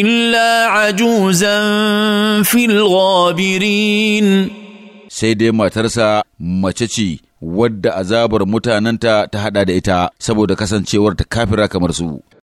إلا عجوزا في الغابرين sai dai matarsa mace ce wadda azabar mutanenta ta haɗa da ita saboda kasancewarta kafira kamar su.